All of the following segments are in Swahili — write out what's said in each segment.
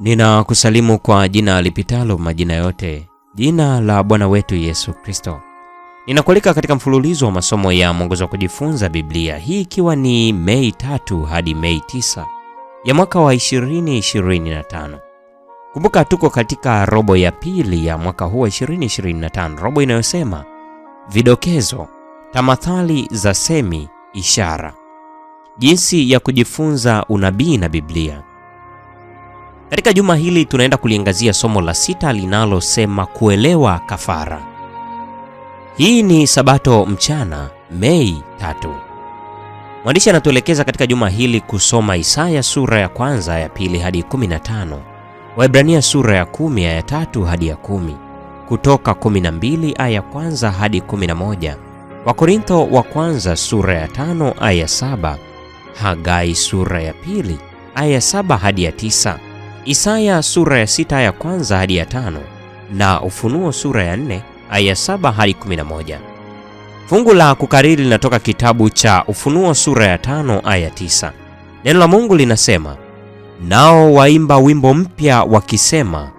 Ninakusalimu kwa jina lipitalo majina yote, jina la Bwana wetu Yesu Kristo. Ninakualika katika mfululizo wa masomo ya mwongozo wa kujifunza Biblia, hii ikiwa ni Mei tatu hadi Mei tisa ya mwaka wa 2025. Kumbuka tuko katika robo ya pili ya mwaka huu wa 2025, robo inayosema vidokezo, tamathali za semi, ishara, jinsi ya kujifunza unabii na Biblia, katika juma hili tunaenda kuliangazia somo la sita linalosema kuelewa kafara. Hii ni Sabato mchana Mei tatu. Mwandishi anatuelekeza katika juma hili kusoma Isaya sura ya kwanza ya pili hadi 15, Waebrania sura ya kumi aya tatu hadi ya kumi, Kutoka 12 aya ya kwanza hadi 11, Wakorintho wa kwanza sura ya tano aya saba, Hagai sura ya pili aya saba hadi ya tisa Isaya sura ya sita ya kwanza hadi ya tano na Ufunuo sura ya nne aya saba hadi kumi na moja. Fungu la kukariri linatoka kitabu cha Ufunuo sura ya tano aya tisa. Neno la Mungu linasema, nao waimba wimbo mpya wakisema,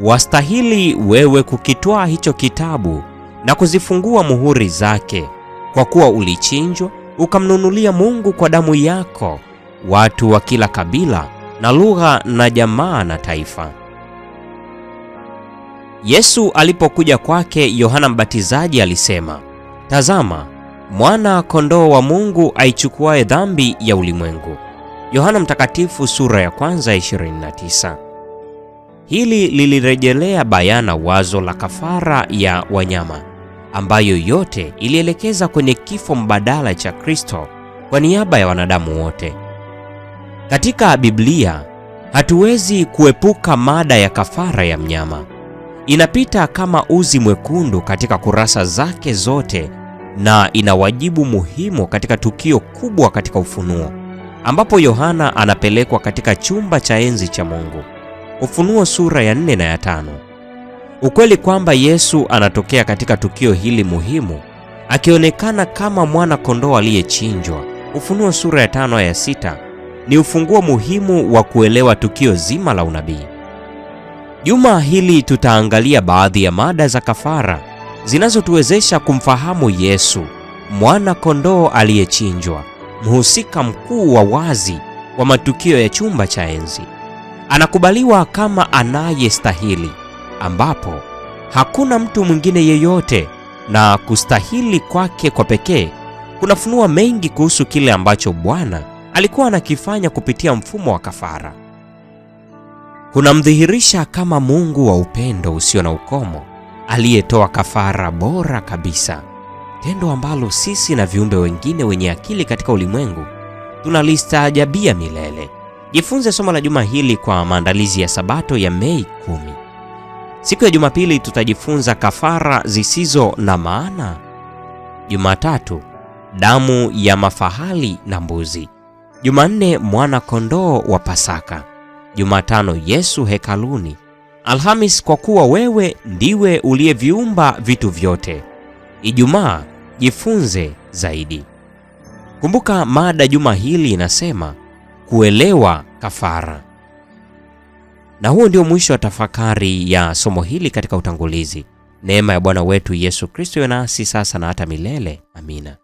wastahili wewe kukitwaa hicho kitabu na kuzifungua muhuri zake, kwa kuwa ulichinjwa ukamnunulia Mungu kwa damu yako watu wa kila kabila na lugha na jamaa na taifa. Yesu alipokuja kwake Yohana Mbatizaji alisema, tazama mwana kondoo wa Mungu aichukuaye dhambi ya ulimwengu. Yohana Mtakatifu sura ya kwanza 29. Hili lilirejelea bayana wazo la kafara ya wanyama ambayo yote ilielekeza kwenye kifo mbadala cha Kristo kwa niaba ya wanadamu wote. Katika Biblia hatuwezi kuepuka mada ya kafara ya mnyama. Inapita kama uzi mwekundu katika kurasa zake zote na ina wajibu muhimu katika tukio kubwa katika Ufunuo, ambapo Yohana anapelekwa katika chumba cha enzi cha Mungu. Ufunuo sura ya nne na ya tano. Ukweli kwamba Yesu anatokea katika tukio hili muhimu akionekana kama mwana kondoo aliyechinjwa. Ufunuo sura ya tano ya sita, ni ufunguo muhimu wa kuelewa tukio zima la unabii. Juma hili tutaangalia baadhi ya mada za kafara zinazotuwezesha kumfahamu Yesu, mwana kondoo aliyechinjwa, mhusika mkuu wa wazi wa matukio ya chumba cha enzi. Anakubaliwa kama anayestahili, ambapo hakuna mtu mwingine yeyote, na kustahili kwake kwa pekee kunafunua mengi kuhusu kile ambacho Bwana alikuwa anakifanya kupitia mfumo wa kafara. Hunamdhihirisha kama Mungu wa upendo usio na ukomo, aliyetoa kafara bora kabisa, tendo ambalo sisi na viumbe wengine wenye akili katika ulimwengu tunalistaajabia milele. Jifunze somo la juma hili kwa maandalizi ya Sabato ya Mei kumi. Siku ya Jumapili tutajifunza kafara zisizo na maana. Jumatatu, damu ya mafahali na mbuzi. Jumanne mwana-kondoo wa Pasaka, Jumatano Yesu hekaluni, Alhamis kwa kuwa wewe ndiwe uliyeviumba vitu vyote, Ijumaa jifunze zaidi. Kumbuka mada juma hili inasema kuelewa kafara. Na huo ndio mwisho wa tafakari ya somo hili katika utangulizi. Neema ya Bwana wetu Yesu Kristo iwe nasi sasa na hata milele. Amina.